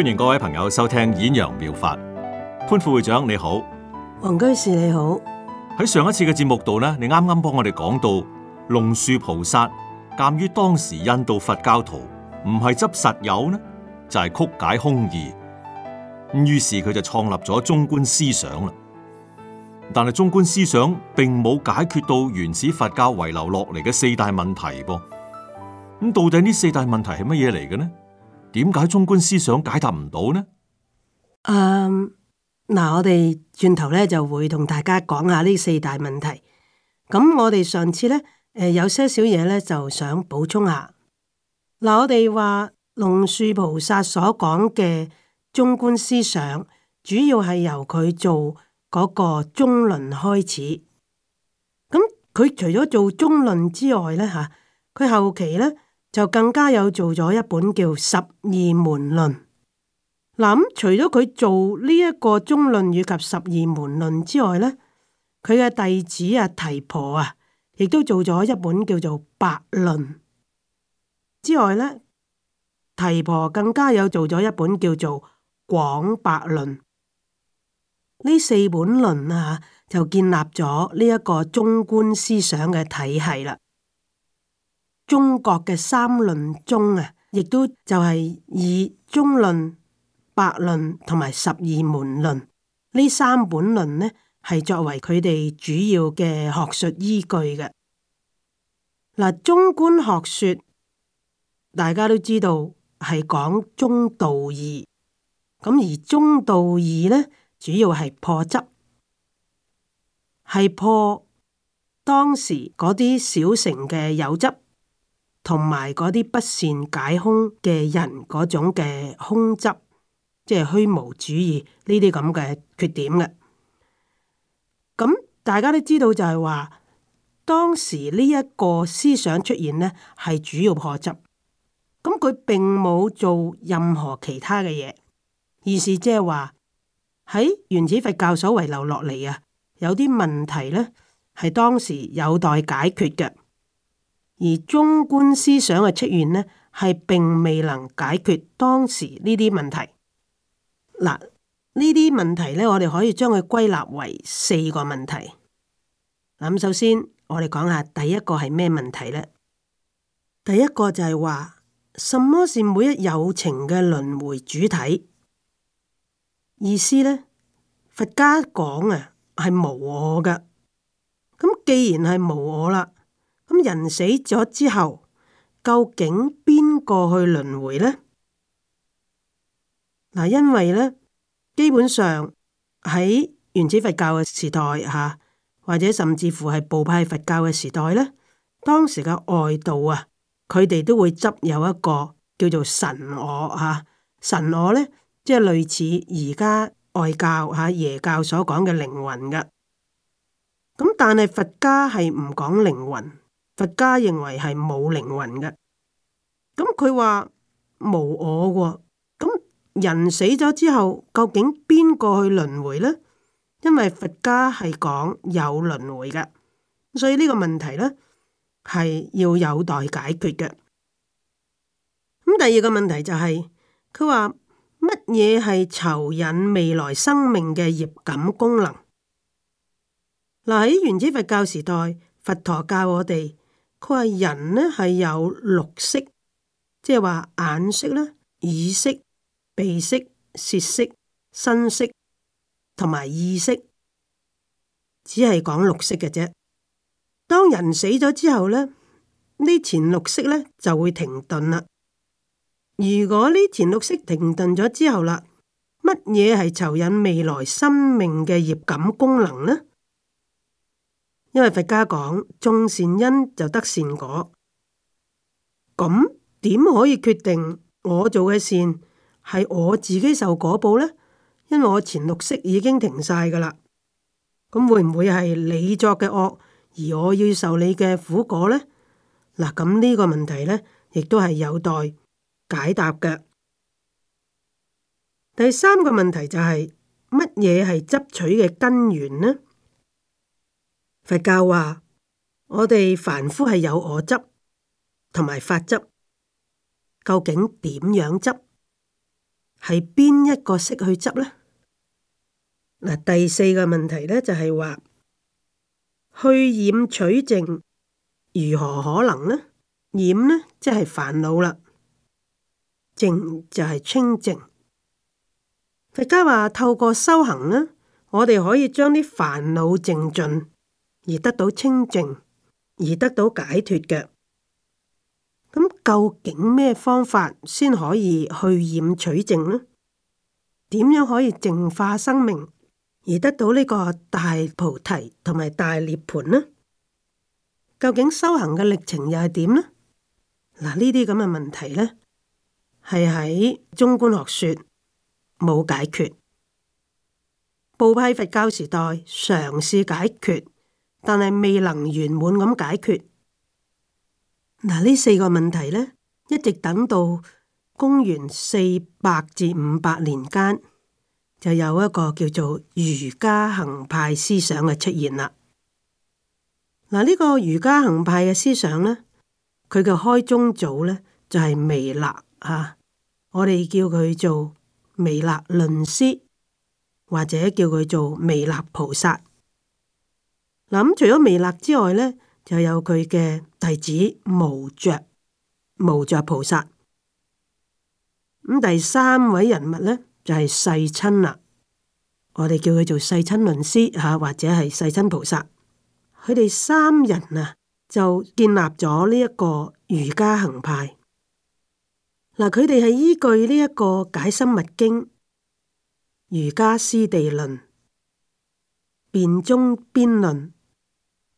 歡迎各位朋友收聽《演揚妙，妙法》。潘副會長你好，王居士你好。喺上一次嘅節目度呢，你啱啱幫我哋講到龍樹菩薩，鑒於當時印度佛教徒唔係執實有呢，就係、是、曲解空義。咁於是佢就創立咗中觀思想啦。但係中觀思想並冇解決到原始佛教遺留落嚟嘅四大問題噃。咁到底呢四大問題係乜嘢嚟嘅呢？點解中觀思想解答唔到呢？嗯，um，嗱，我哋轉頭咧就會同大家講下呢四大問題。咁我哋上次咧，誒，有些少嘢咧就想補充下。嗱，我哋話龍樹菩薩所講嘅中觀思想，主要係由佢做嗰個中論開始。咁佢除咗做中論之外咧，吓佢後期咧。又更加有做咗一本叫《十二門論》嗯，諗除咗佢做呢一個中論以及十二門論之外呢佢嘅弟子啊，提婆啊，亦都做咗一本叫做《百論》之外呢，提婆更加有做咗一本叫做廣論《廣百論》。呢四本論啊，就建立咗呢一個中觀思想嘅體係啦。中國嘅三論宗啊，亦都就係以中論、百論同埋十二門論呢三本論呢，係作為佢哋主要嘅學術依據嘅。嗱，中觀學說大家都知道係講中道義，咁而中道義呢，主要係破執，係破當時嗰啲小乘嘅有執。同埋嗰啲不善解空嘅人嗰種嘅空執，即係虛無主義呢啲咁嘅缺點嘅。咁、嗯、大家都知道就係話，當時呢一個思想出現咧，係主要破執。咁、嗯、佢並冇做任何其他嘅嘢，而是即係話喺原始佛教所遺留落嚟啊，有啲問題咧係當時有待解決嘅。而中觀思想嘅出現呢，係並未能解決當時呢啲問題。嗱，呢啲問題呢，我哋可以將佢歸納為四個問題。咁首先，我哋講下第一個係咩問題呢？第一個就係話，什麼是每一有情嘅輪迴主體？意思呢？佛家講啊，係無我噶。咁既然係無我啦。人死咗之後，究竟邊個去輪回呢？嗱，因為呢，基本上喺原始佛教嘅時代吓，或者甚至乎係部派佛教嘅時代呢，當時嘅外道啊，佢哋都會執有一個叫做神我吓，神我呢，即係類似而家外教吓、耶教所講嘅靈魂噶。咁但係佛家係唔講靈魂。佛家認為係冇靈魂嘅，咁佢話無我喎，咁人死咗之後究竟邊個去輪回咧？因為佛家係講有輪回噶，所以呢個問題咧係要有待解決嘅。咁第二個問題就係佢話乜嘢係酬引未來生命嘅業感功能？嗱喺原始佛教時代，佛陀教我哋。佢話人咧係有六識，即係話眼識啦、耳識、鼻識、舌識、身識同埋意識，只係講六識嘅啫。當人死咗之後呢，呢前六識呢就會停頓啦。如果呢前六識停頓咗之後啦，乜嘢係囚引未來生命嘅業感功能呢？因為佛家講，種善因就得善果，咁點可以決定我做嘅善係我自己受果報呢？因為我前六識已經停晒噶啦，咁會唔會係你作嘅惡，而我要受你嘅苦果呢？嗱，咁呢個問題呢，亦都係有待解答嘅。第三個問題就係乜嘢係執取嘅根源呢？佛教話：我哋凡夫係有我執同埋法執，究竟點樣執？係邊一個識去執呢？嗱，第四個問題呢，就係話去染取淨，如何可能呢？染呢即係煩惱啦，淨就係清淨。佛家話透過修行呢，我哋可以將啲煩惱淨盡。而得到清淨，而得到解脫嘅，咁究竟咩方法先可以去染取淨呢？點樣可以淨化生命而得到呢個大菩提同埋大涅盤呢？究竟修行嘅歷程又係點呢？嗱，呢啲咁嘅問題呢，係喺中觀學說冇解決，部派佛教時代嘗試解決。但係未能圓滿咁解決，嗱，呢四個問題呢，一直等到公元四百至五百年間，就有一個叫做瑜伽行派思想嘅出現啦。嗱、這、呢個瑜伽行派嘅思想呢，佢嘅開宗祖呢，就係彌勒吓，我哋叫佢做彌勒論師，或者叫佢做彌勒菩薩。嗱，咁除咗彌勒之外咧，就有佢嘅弟子無着、無着菩薩。咁第三位人物咧就係世親啦，我哋叫佢做世親論師吓，或者係世親菩薩。佢哋三人啊，就建立咗呢一個瑜伽行派。嗱，佢哋係依據呢一個《解深密經》、《瑜伽師地論》、《辯中邊論》。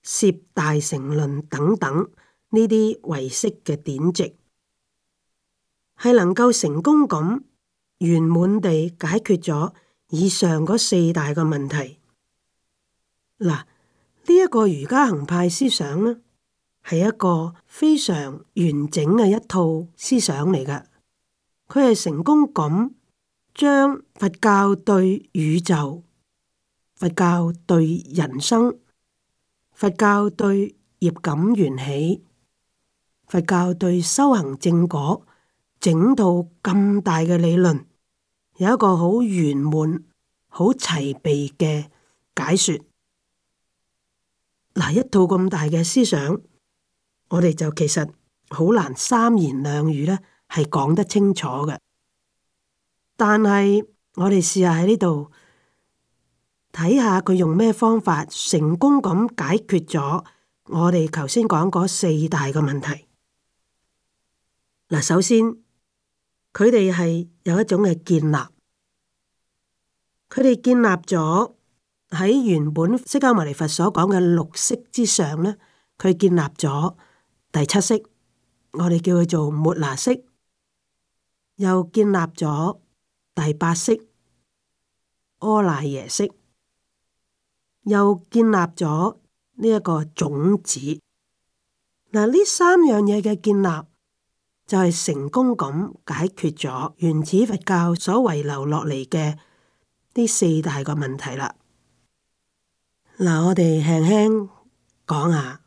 攝大成論等等呢啲唯識嘅典籍，係能夠成功咁圓滿地解決咗以上嗰四大嘅問題。嗱，呢、這、一個瑜伽行派思想呢，係一個非常完整嘅一套思想嚟嘅。佢係成功咁將佛教對宇宙、佛教對人生。佛教對業感緣起，佛教對修行正果，整套咁大嘅理論，有一個好圓滿、好齊備嘅解說。嗱，一套咁大嘅思想，我哋就其實好難三言兩語呢係講得清楚嘅。但係我哋試下喺呢度。睇下佢用咩方法成功咁解決咗我哋頭先講嗰四大嘅問題。嗱，首先佢哋係有一種嘅建立，佢哋建立咗喺原本釋迦牟尼佛所講嘅六識之上咧，佢建立咗第七識，我哋叫佢做末那識，又建立咗第八識，阿賴耶識。又建立咗呢一個種子，嗱，呢三樣嘢嘅建立就係成功咁解決咗原始佛教所遺留落嚟嘅呢四大個問題啦。嗱，我哋輕輕講下，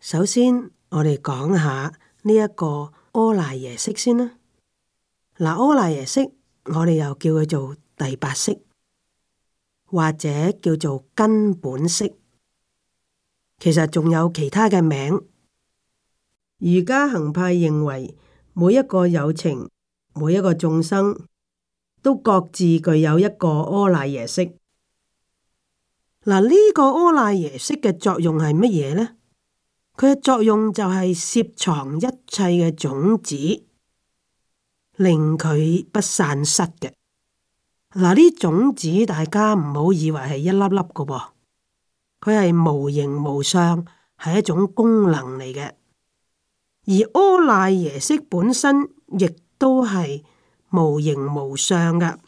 首先我哋講下呢一個阿賴耶識先啦。嗱，阿賴耶識我哋又叫佢做第八識。或者叫做根本識，其實仲有其他嘅名。瑜伽行派認為，每一個有情，每一個眾生，都各自具有一個阿賴耶識。嗱，呢、這個阿賴耶識嘅作用係乜嘢呢？佢嘅作用就係攝藏一切嘅種子，令佢不散失嘅。嗱，呢種子大家唔好以為係一粒粒嘅噃，佢係無形無相，係一種功能嚟嘅。而阿賴耶識本身亦都係無形無相嘅。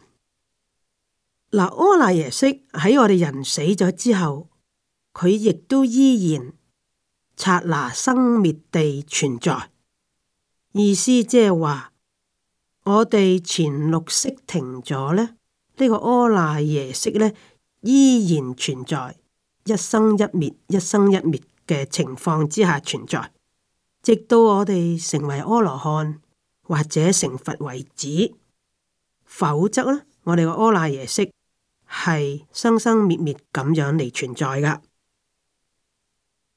嗱，阿賴耶識喺我哋人死咗之後，佢亦都依然剎那生滅地存在。意思即係話，我哋前六識停咗呢。呢個阿賴耶識咧，依然存在，一生一滅、一生一滅嘅情況之下存在，直到我哋成為阿羅漢或者成佛為止。否則咧，我哋個阿賴耶識係生生滅滅咁樣嚟存在噶。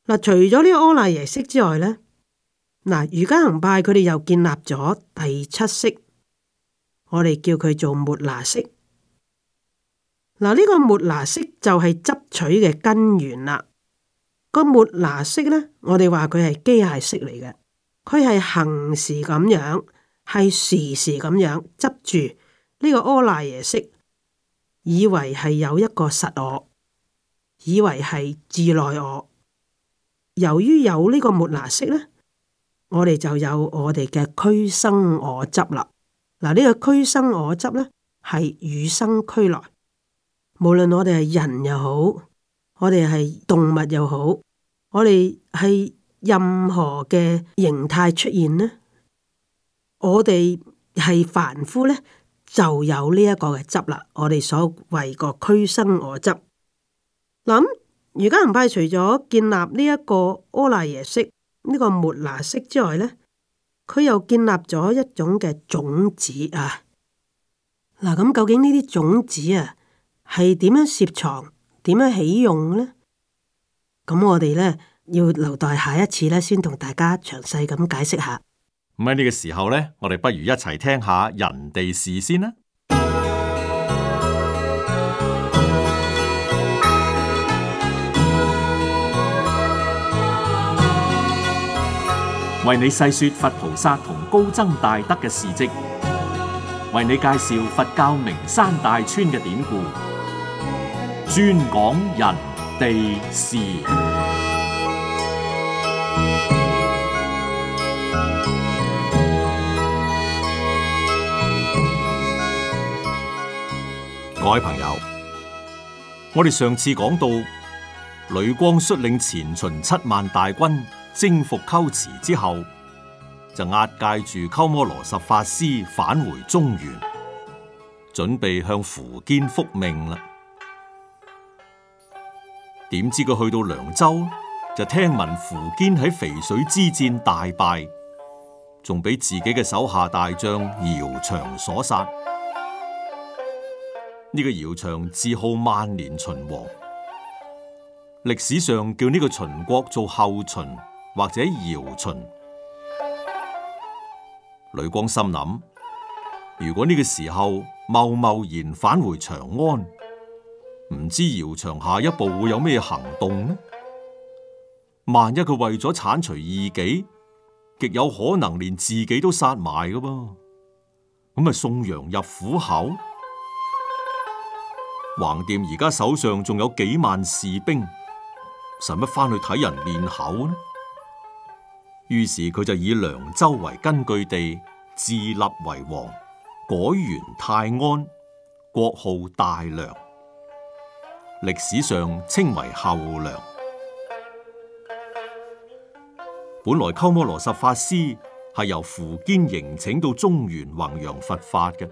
嗱、呃，除咗呢個阿賴耶識之外呢嗱，瑜、呃、伽行派佢哋又建立咗第七識，我哋叫佢做末那識。嗱，呢個末那識就係執取嘅根源啦。個末那識咧，我哋話佢係機械識嚟嘅，佢係恆時咁樣，係時時咁樣執住呢個阿賴耶識，以為係有一個實我，以為係自內我。由於有個呢個末那識咧，我哋就有我哋嘅驅生我執啦。嗱，呢個驅生我執咧，係與生俱來。無論我哋係人又好，我哋係動物又好，我哋係任何嘅形態出現呢，我哋係凡夫呢就有呢一個嘅執啦。我哋所謂個俱生我執，諗而家唔排除咗建立呢一個阿賴耶識、呢個末那識之外呢，佢又建立咗一種嘅種子啊。嗱，咁究竟呢啲種子啊？係點樣攝藏？點樣起用呢？咁我哋呢，要留待下一次呢先同大家詳細咁解釋下。咁喺呢個時候呢，我哋不如一齊聽一下人哋事先啦。為你細說佛菩薩同高僧大德嘅事跡，為你介紹佛教名山大川嘅典故。專講人哋事，各位朋友，我哋上次講到呂光率領前秦七萬大軍征服龜茲之後，就押解住鳩摩羅什法師返回中原，準備向苻堅復命啦。點知佢去到涼州，就聽聞苻堅喺淝水之戰大敗，仲俾自己嘅手下大將姚萇所殺。呢個姚萇自號萬年秦王，歷史上叫呢個秦國做後秦或者姚秦。呂光心諗：如果呢個時候貿貿然返回長安。唔知姚萇下一步會有咩行動呢？萬一佢為咗鏟除異己，極有可能連自己都殺埋㗎噃。咁咪送羊入虎口？橫掂而家手上仲有幾萬士兵，使乜翻去睇人面口呢？於是佢就以涼州為根據地，自立為王，改元太安，國號大涼。歷史上稱為後梁。本來鳩摩羅什法師係由苻堅迎請到中原弘揚佛法嘅。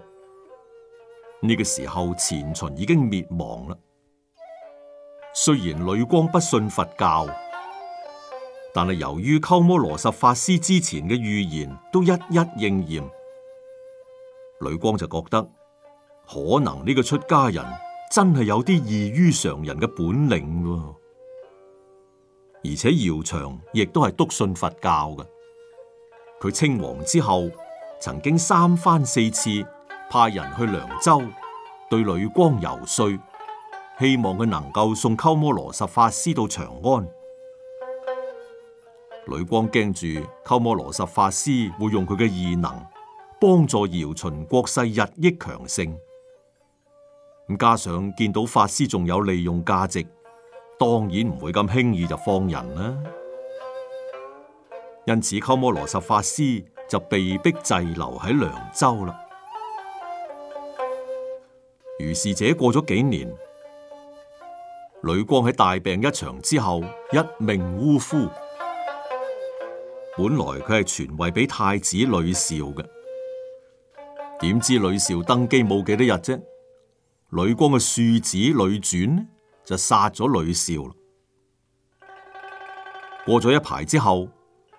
呢個時候前秦已經滅亡啦。雖然呂光不信佛教，但係由於鳩摩羅什法師之前嘅預言都一一應驗，呂光就覺得可能呢個出家人。真係有啲異於常人嘅本領，啊，而且姚萇亦都係篤信佛教嘅。佢稱王之後，曾經三番四次派人去涼州對呂光游說，希望佢能夠送鳩摩羅什法師到長安。呂光驚住鳩摩羅什法師會用佢嘅異能幫助姚秦國勢日益強盛。咁加上見到法師仲有利用價值，當然唔會咁輕易就放人啦。因此，鳩摩羅什法師就被迫滯留喺涼州啦。如是者，過咗幾年，呂光喺大病一場之後一命嗚呼。本來佢係傳位俾太子呂紹嘅，點知呂紹登基冇幾多日啫。呂光嘅庶子呂纂就殺咗呂紹啦。過咗一排之後，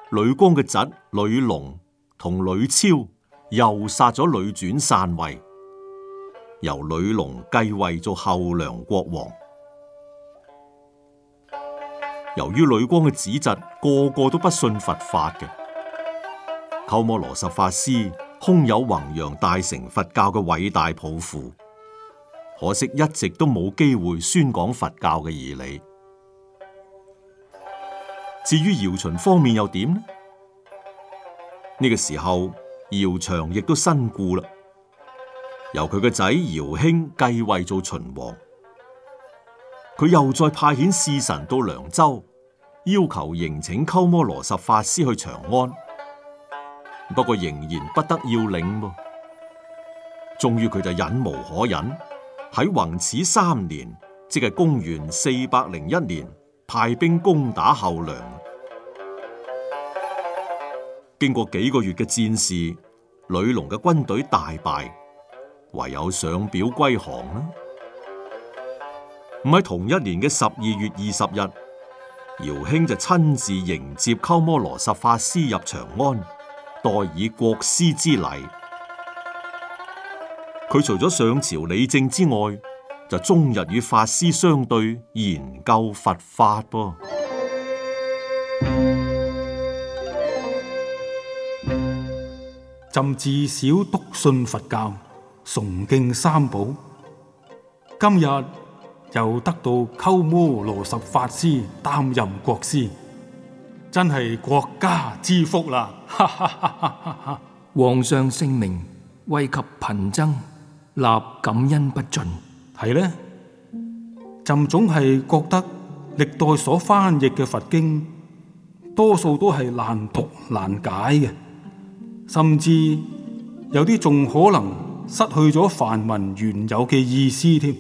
呂光嘅侄呂龍同呂超又殺咗呂纂，禪位，由呂龍繼位做後涼國王。由於呂光嘅子侄個個都不信佛法嘅，鳩摩羅什法師空有弘揚大乘佛教嘅偉大抱負。可惜一直都冇機會宣講佛教嘅義理。至於姚秦方面又點呢？呢、這個時候，姚萇亦都身故啦，由佢個仔姚興繼位做秦王。佢又再派遣侍臣到涼州，要求迎請鳩摩羅什法師去長安，不過仍然不得要領。終於佢就忍無可忍。喺弘始三年，即係公元四百零一年，派兵攻打後梁。經過幾個月嘅戰事，呂隆嘅軍隊大敗，唯有上表歸降啦。唔喺同一年嘅十二月二十日，姚興就親自迎接鳩摩羅什法師入長安，待以國師之禮。佢除咗上朝理政之外，就終日與法師相對研究佛法噃。朕自小篤信佛教，崇敬三寶。今日又得到鳩摩羅什法師擔任國師，真係國家之福啦！哈哈哈！哈哈，皇上聖明，惠及貧僧。立感恩不盡。係呢，朕總係覺得歷代所翻譯嘅佛經，多數都係難讀難解嘅，甚至有啲仲可能失去咗梵文原有嘅意思添。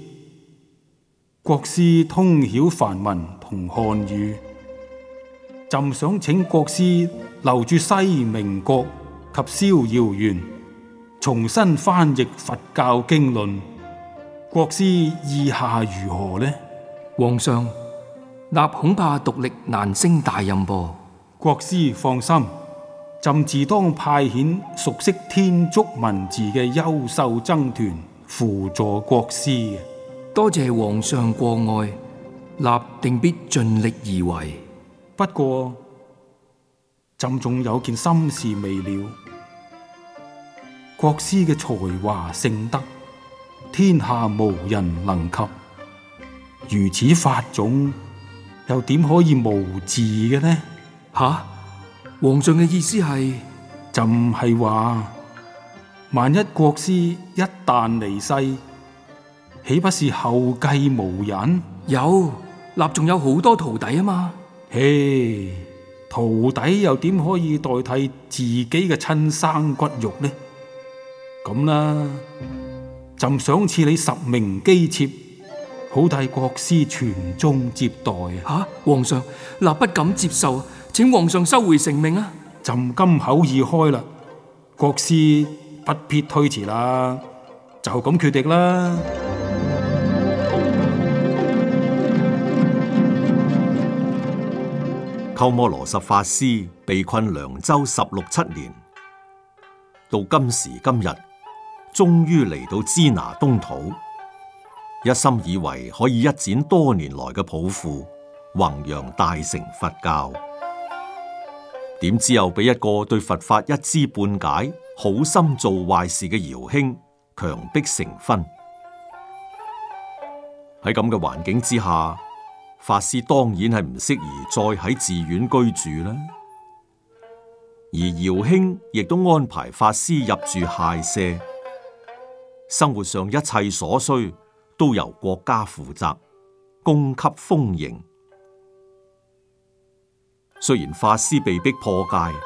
國師通曉梵文同漢語，朕想請國師留住西明國及逍遙園，重新翻譯佛教經論，國師意下如何呢？皇上，什恐怕獨力難勝大任噃。國師放心，朕自當派遣熟悉天竺文字嘅優秀僧團輔助國師。多謝皇上過愛，什定必盡力而為。不過，朕仲有件心事未了。國師嘅才華、聖德，天下無人能及。如此法種，又點可以無嗣嘅呢？吓、啊，皇上嘅意思係，朕係話萬一國師一旦離世，豈不是後繼無人？有，立仲有好多徒弟啊嘛。嘿，hey，徒弟又點可以代替自己嘅親生骨肉呢？咁啦，朕想賜你十名姬妾，好替國師傳宗接代。吓、啊，皇上嗱，不敢接受，請皇上收回成命啊！朕金口已開啦，國師不必推辭啦，就咁決定啦。鳩摩羅什法師被困涼州十六七年，到今時今日。終於嚟到支那東土，一心以為可以一展多年來嘅抱負，弘揚大乘佛教。點知又俾一個對佛法一知半解、好心做壞事嘅姚興強迫成婚。喺咁嘅環境之下，法師當然係唔適宜再喺寺院居住啦。而姚興亦都安排法師入住廨舍。生活上一切所需都由國家負責，供給豐盈。雖然法師被迫破戒，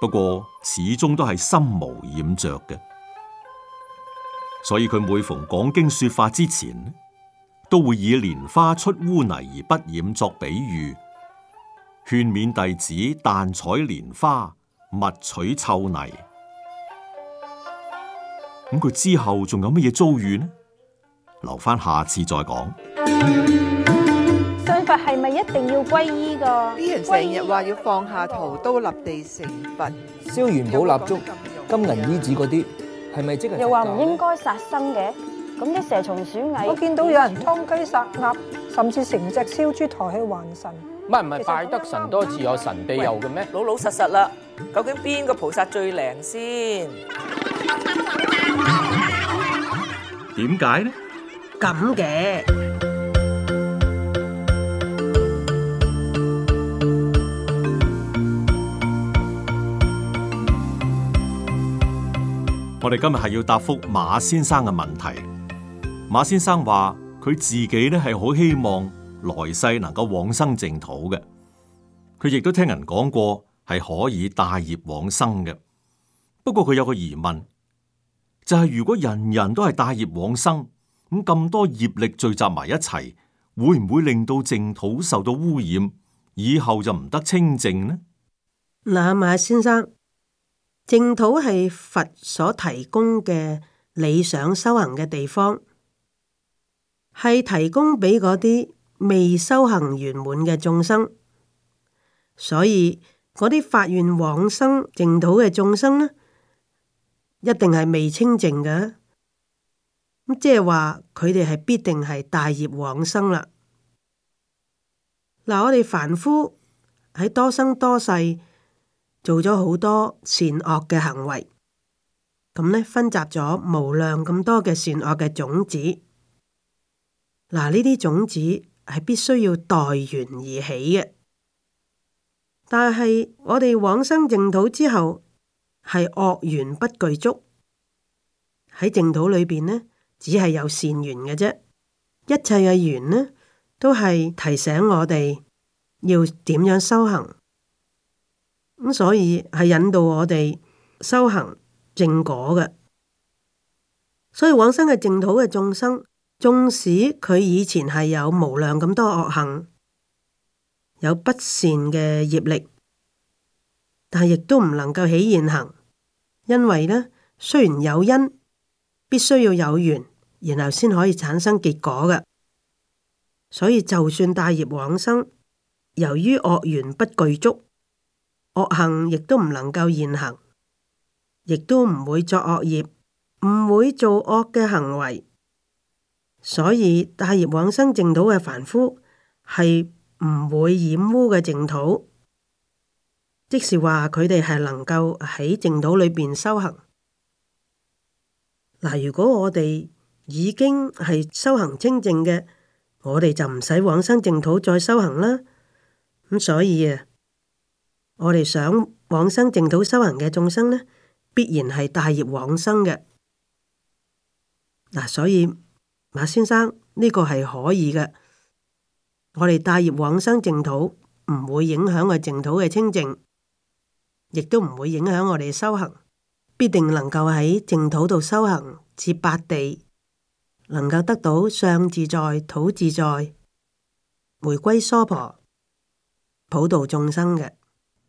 不過始終都係心無染着嘅，所以佢每逢講經說法之前，都會以蓮花出污泥而不染作比喻，勸勉弟子但採蓮花，勿取臭泥。咁佢之後仲有乜嘢遭遇呢？留翻下次再講。信佛係咪一定要皈依噶？啲人成日話要放下屠刀立地成佛，燒元寶蠟燭、金銀衣紙嗰啲，係咪即係？又話唔應該殺生嘅。咁啲蛇蟲鼠蟻，我見到有人劏雞殺鴨，甚至成隻燒豬抬去還神。唔係唔係，拜得神多自有神庇佑嘅咩？老老實實啦，究竟邊個菩薩最靈先？點解呢？咁嘅，我哋今日係要答覆馬先生嘅問題。馬先生話佢自己咧，係好希望來世能夠往生淨土嘅，佢亦都聽人講過係可以帶業往生嘅。不過佢有個疑問。就係如果人人都係帶業往生，咁咁多業力聚集埋一齊，會唔會令到淨土受到污染，以後就唔得清淨呢？嗱，阿馬先生，淨土係佛所提供嘅理想修行嘅地方，係提供俾嗰啲未修行圓滿嘅眾生，所以嗰啲發願往生淨土嘅眾生呢？一定係未清淨嘅，咁即係話佢哋係必定係帶業往生啦。嗱，我哋凡夫喺多生多世做咗好多善惡嘅行為，咁呢分集咗無量咁多嘅善惡嘅種子。嗱，呢啲種子係必須要待緣而起嘅，但係我哋往生淨土之後。係惡緣不具足，喺淨土裏邊呢，只係有善緣嘅啫。一切嘅緣呢，都係提醒我哋要點樣修行，咁所以係引導我哋修行正果嘅。所以往生嘅淨土嘅眾生，縱使佢以前係有無量咁多惡行，有不善嘅業力。但係亦都唔能夠起現行，因為呢，雖然有因，必須要有緣，然後先可以產生結果嘅。所以就算帶業往生，由於惡緣不具足，惡行亦都唔能夠現行，亦都唔會作惡業，唔會做惡嘅行為。所以帶業往生淨土嘅凡夫係唔會染污嘅淨土。即是話佢哋係能夠喺淨土裏邊修行。嗱，如果我哋已經係修行清淨嘅，我哋就唔使往生淨土再修行啦。咁所以啊，我哋想往生淨土修行嘅眾生咧，必然係帶業往生嘅。嗱，所以馬先生呢個係可以嘅。我哋帶業往生淨土唔會影響個淨土嘅清淨。亦都唔會影響我哋修行，必定能夠喺淨土度修行至八地，能夠得到上自在、土自在，回歸娑婆普度眾生嘅咁、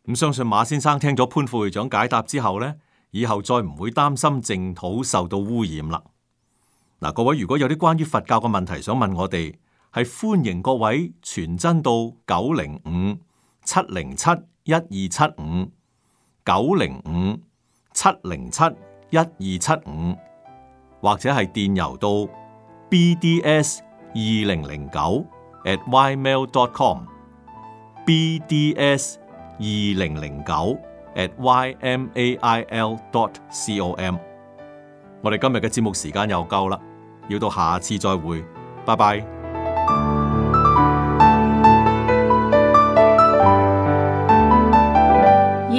嗯。相信馬先生聽咗潘副會長解答之後呢，以後再唔會擔心淨土受到污染啦。嗱，各位如果有啲關於佛教嘅問題想問我哋，係歡迎各位傳真到九零五七零七一二七五。九零五七零七一二七五，75, 或者係電郵到 bds 二零零九 at ymail dot com，bds 二零零九 at ymail dot com。我哋今日嘅節目時間又夠啦，要到下次再會，拜拜。